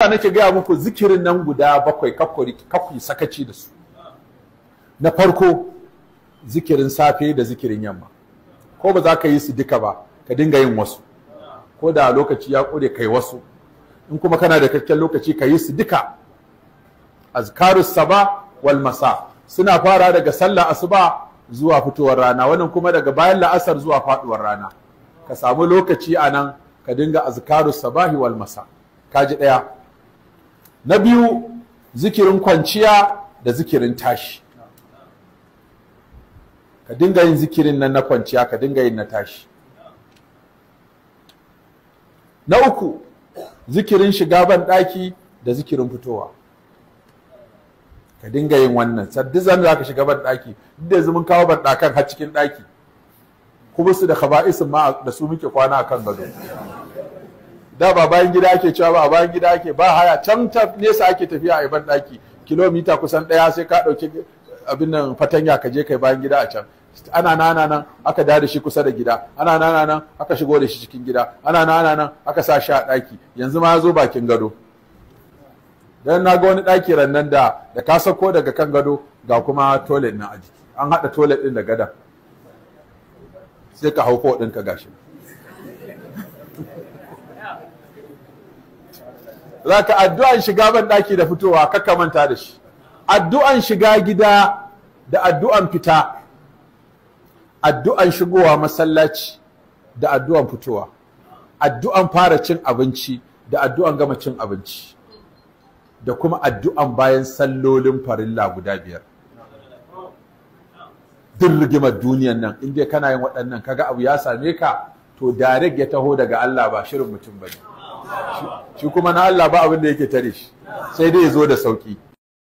Na nake gaya muku zikirin nan guda bakwai kakwai sakaci da su na farko zikirin safe da zikirin yamma ko ba za ka yi su duka ba ka dinga yin wasu ko da lokaci ya kure kai wasu in kuma kana da kakken lokaci ka yi su duka azkarus saba wal masa suna fara daga sallah asuba zuwa fitowar rana wannan kuma daga bayan la'asar zuwa faduwar rana ka samu lokaci anan ka dinga azkarus sabahi wal masa kaji ɗaya. na biyu zikirin kwanciya da zikirin tashi ka dinga yin zikirin nan na kwanciya ka dinga yin na tashi na uku zikirin shiga ban daki da zikirin fitowa ka dinga yin wannan saddi zan za ka shiga ban daki duk da yanzu mun kawo ban dakan har cikin ɗaki kuma su da khaba'isin ma da su muke kwana a kan gado da ba bayan gida ake cewa ba bayan gida ake ba haya can ta nesa ake tafiya a ban daki kilomita kusan ɗaya sai ka ɗauki abin nan fatanya ka je kai bayan gida a can ana nana nan aka da shi kusa da gida ana nana nan aka shigo da shi cikin gida ana nana nan aka sa shi a ɗaki yanzu ma ya zo bakin gado dan na ga wani ɗaki rannan da da ka sako daga kan gado ga kuma toilet na a jiki an haɗa toilet ɗin da gada sai ka hau ko ka gashi zaka addu'an shiga ban ɗaki da fitowa kakka manta da shi addu'an shiga gida da addu'an fita addu'an shigowa masallaci da addu'an fitowa addu'an fara cin abinci da addu'an gama cin abinci da kuma addu'an bayan sallolin farilla guda biyar duk rigimar duniyan nan in dai kana yin waɗannan kaga abu ya same ka to direct ya taho daga Allah ba shirin mutum ba ne shi kuma na Allah ba abin da yake tare shi sai dai ya zo da sauki